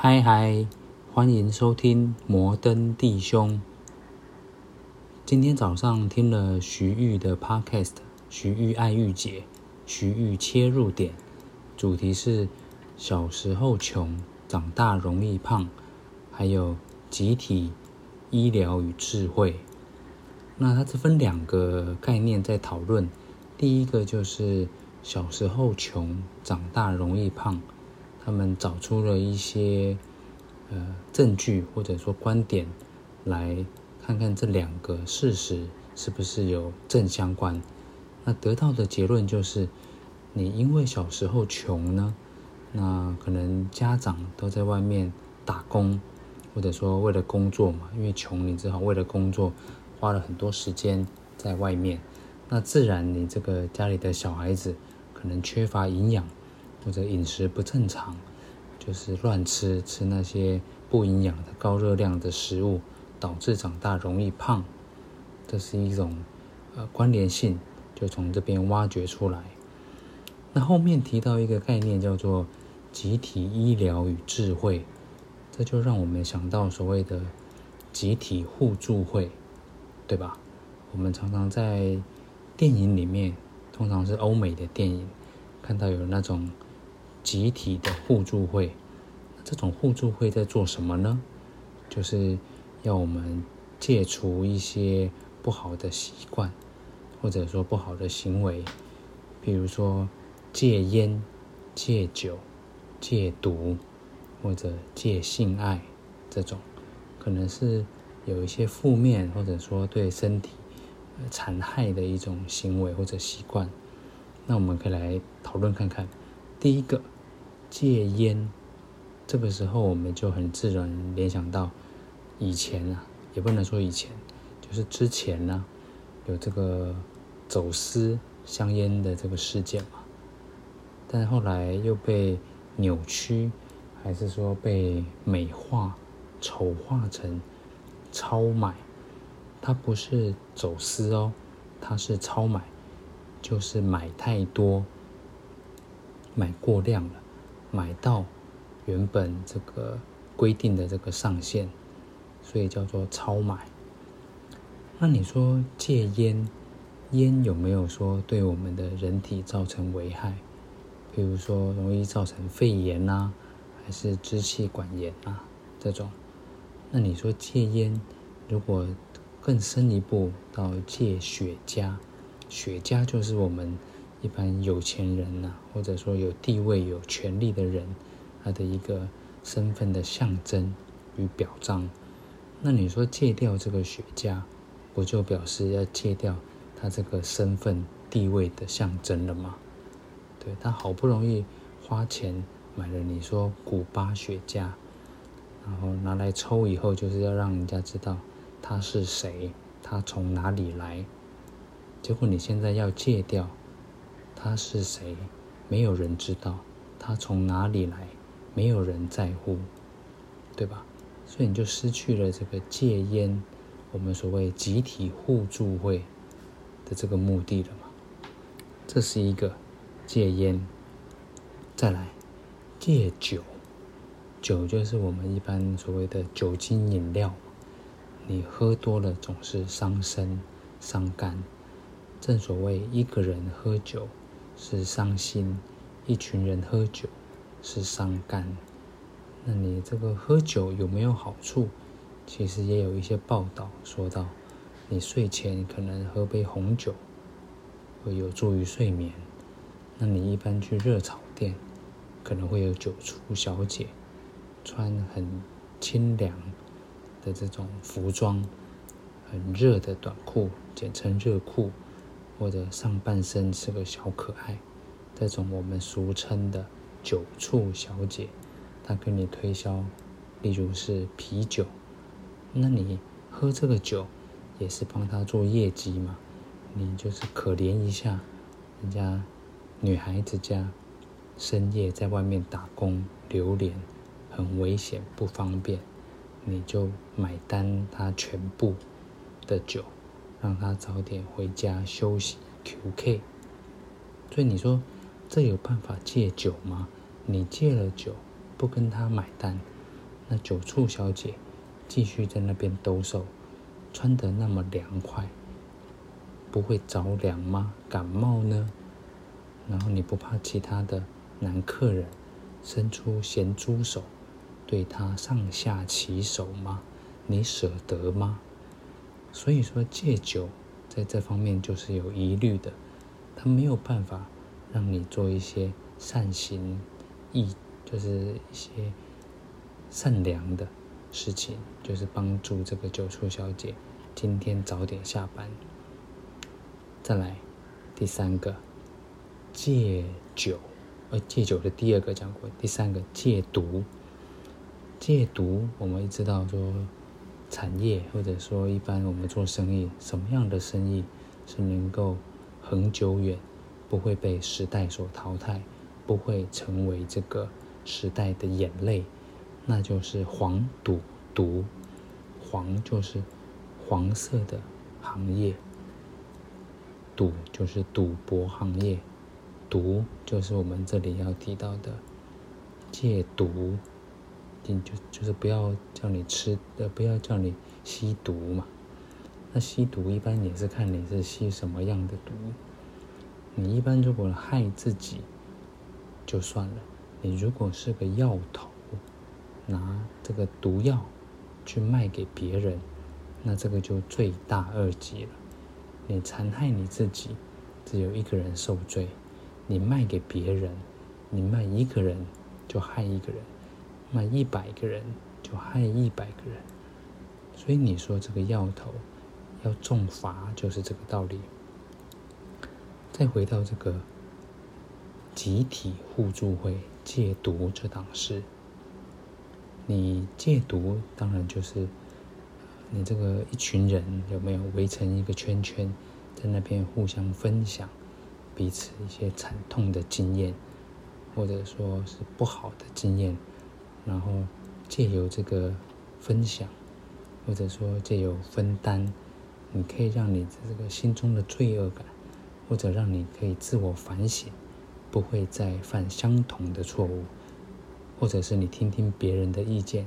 嗨嗨，歡迎收聽摩登弟兄。今天早上聽了徐豫的 podcast，徐豫愛玉姐，徐豫切入點，主題是小時候窮，長大容易胖，還有集體醫療與智慧。那它這分兩個概念在討論，第一個就是小時候窮，長大容易胖。他們找出了一些呃證據或者說觀點，來看看這兩個事實是不是有正相關？那得到的結論就是，你因為小時候窮呢，那可能家長都在外面打工，或者說為了工作嘛，因為窮你只好為了工作花了很多時間在外面，那自然你這個家裡的小孩子可能缺乏營養。或者飲食不正常，就是亂吃吃那些不營養的高熱量的食物，導致長大容易胖，這是一種呃關聯性，就從這邊挖掘出來。那後面提到一個概念叫做集體醫療與智慧，這就讓我們想到所謂的集體互助會，對吧？我們常常在電影裡面，通常是歐美的電影，看到有那種。集體的互助會，這種互助會在做什麼呢？就是要我們戒除一些不好的習慣，或者說不好的行為，比如說戒菸、戒酒、戒毒，或者戒性愛這種，可能是有一些負面或者說對身體，呃，殘害的一種行為或者習慣。那我們可以來討論看看，第一個。戒菸，這個時候我們就很自然聯想到以前啊，也不能說以前，就是之前呢、啊，有這個走私香菸的這個事件嘛。但後來又被扭曲，還是說被美化、醜化成超買，它不是走私哦，它是超買，就是買太多、買過量了。買到原本這個規定的這個上限，所以叫做超買。那你說戒煙，煙有沒有說對我們的人體造成危害？比如說容易造成肺炎啊，還是支氣管炎啊這種？那你說戒煙，如果更深一步到戒雪茄，雪茄就是我們。一般有錢人吶、啊，或者說有地位、有權力的人，他的一個身份的象徵與表彰。那你說戒掉這個雪茄，不就表示要戒掉他這個身份地位的象徵了嗎？對，他好不容易花錢買了，你說古巴雪茄，然後拿來抽以後，就是要讓人家知道他是誰，他從哪裡來。結果你現在要戒掉。他是誰？沒有人知道，他從哪裡來？沒有人在乎，對吧？所以你就失去了這個戒煙，我們所謂集體互助會的這個目的了嘛。這是一個戒煙。再來戒酒，酒就是我們一般所謂的酒精飲料，你喝多了總是傷身、傷肝。正所謂一個人喝酒，是傷心，一群人喝酒是傷肝。那你這個喝酒有沒有好處？其實也有一些報道說到，你睡前可能喝杯紅酒，會有助於睡眠。那你一般去熱炒店，可能會有酒廚小姐穿很清涼的這種服裝，很熱的短褲，簡稱熱褲。或者上半身是個小可愛，這種我們俗稱的酒促小姐，她跟你推銷，例如是啤酒，那你喝這個酒也是幫她做業績嘛？你就是可憐一下人家女孩子家深夜在外面打工流連，很危險不方便，你就買單她全部的酒。讓他早點回家休息。QK，所以你說，這有辦法戒酒嗎？你戒了酒，不跟他買單，那酒促小姐繼續在那邊兜售，穿得那麼涼快，不會着涼嗎？感冒呢？然後你不怕其他的男客人伸出鹹豬手，對他上下其手嗎？你舍得嗎？所以說戒酒在這方面就是有疑慮的，他沒有辦法讓你做一些善行，意，就是一些善良的事情，就是幫助這個酒促小姐今天早點下班。再來第三個戒酒，而戒酒的第二個講過，第三個戒毒，戒毒我們知道說。產業或者說一般我們做生意，什麼樣的生意是能夠恆久遠，不會被時代所淘汰，不會成為這個時代的眼淚？那就是黃賭毒。黃就是黃色的行業，賭就是賭博行業，毒就是我們這裡要提到的戒毒。你就就是不要叫你吃，呃，不要叫你吸毒嘛。那吸毒一般也是看你是吸什麼樣的毒。你一般如果害自己，就算了。你如果是個藥頭，拿這個毒藥去賣給別人，那這個就罪大惡極了。你殘害你自己，只有一個人受罪；你賣給別人，你賣一個人就害一個人。那一百個人就害一百個人，所以你說這個藥頭要重罰，就是這個道理。再回到這個集體互助會戒毒這檔事，你戒毒當然就是你這個一群人有沒有圍成一個圈圈，在那邊互相分享彼此一些慘痛的經驗，或者說是不好的經驗。然後借由這個分享，或者說借由分擔，你可以讓你這個心中的罪惡感，或者讓你可以自我反省，不會再犯相同的錯誤，或者是你聽聽別人的意見，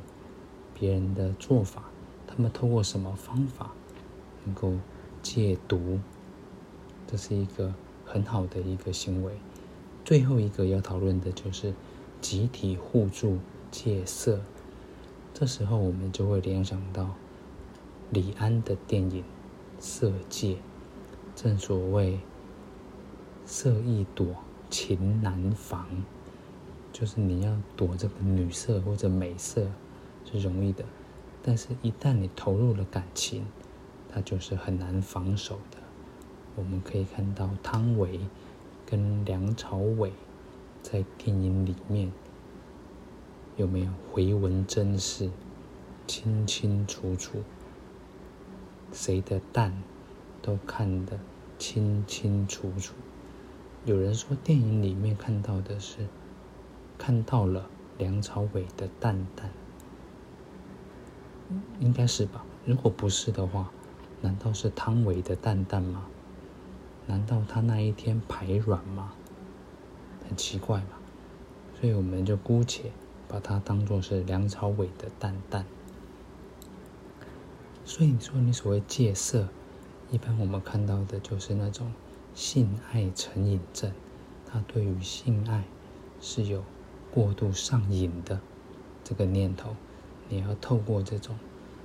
別人的做法，他們通過什麼方法能夠戒毒，這是一個很好的一個行為。最後一個要討論的就是集體互助。戒色，這時候我們就會聯想到李安的電影《色戒》。正所謂“色易躲，情難防”，就是你要躲這個女色或者美色是容易的，但是一旦你投入了感情，它就是很難防守的。我們可以看到湯唯跟梁朝偉在電影裡面。有沒有回文真？真是清清楚楚，誰的蛋都看得清清楚楚。有人說電影裡面看到的是看到了梁朝偉的蛋蛋，應該是吧？如果不是的話，難道是湯唯的蛋蛋嗎？難道他那一天排卵嗎？很奇怪吧。所以我們就姑且。把它當做是梁朝偉的蛋蛋，所以你說你所謂戒色，一般我們看到的就是那種性愛成癮症，他對於性愛是有過度上癮的這個念頭。你要透過這種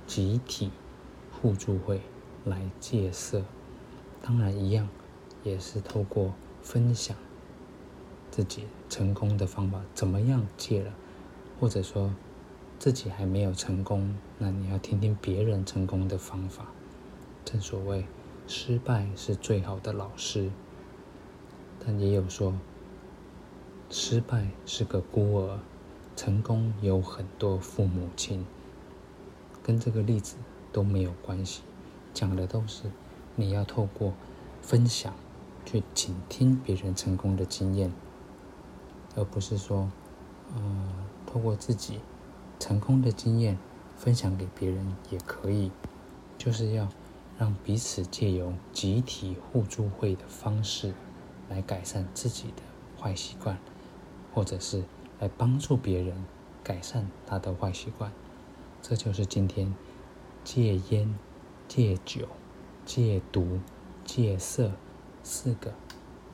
集體互助會來戒色，當然一樣也是透過分享自己成功的方法，怎麼樣戒了。或者說，自己還沒有成功，那你要聽聽別人成功的方法。正所謂，失敗是最好的老師。但也有說，失敗是個孤兒，成功有很多父母親。跟這個例子都沒有關係，講的都是你要透過分享去傾聽別人成功的經驗，而不是說，呃。通過自己成功的經驗分享給別人也可以，就是要讓彼此借由集體互助會的方式，來改善自己的壞習慣，或者是來幫助別人改善他的壞習慣。這就是今天戒菸、戒酒、戒毒、戒色四個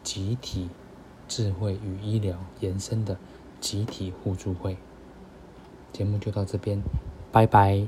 集體智慧與醫療延伸的集體互助會。節目就到這邊，拜拜。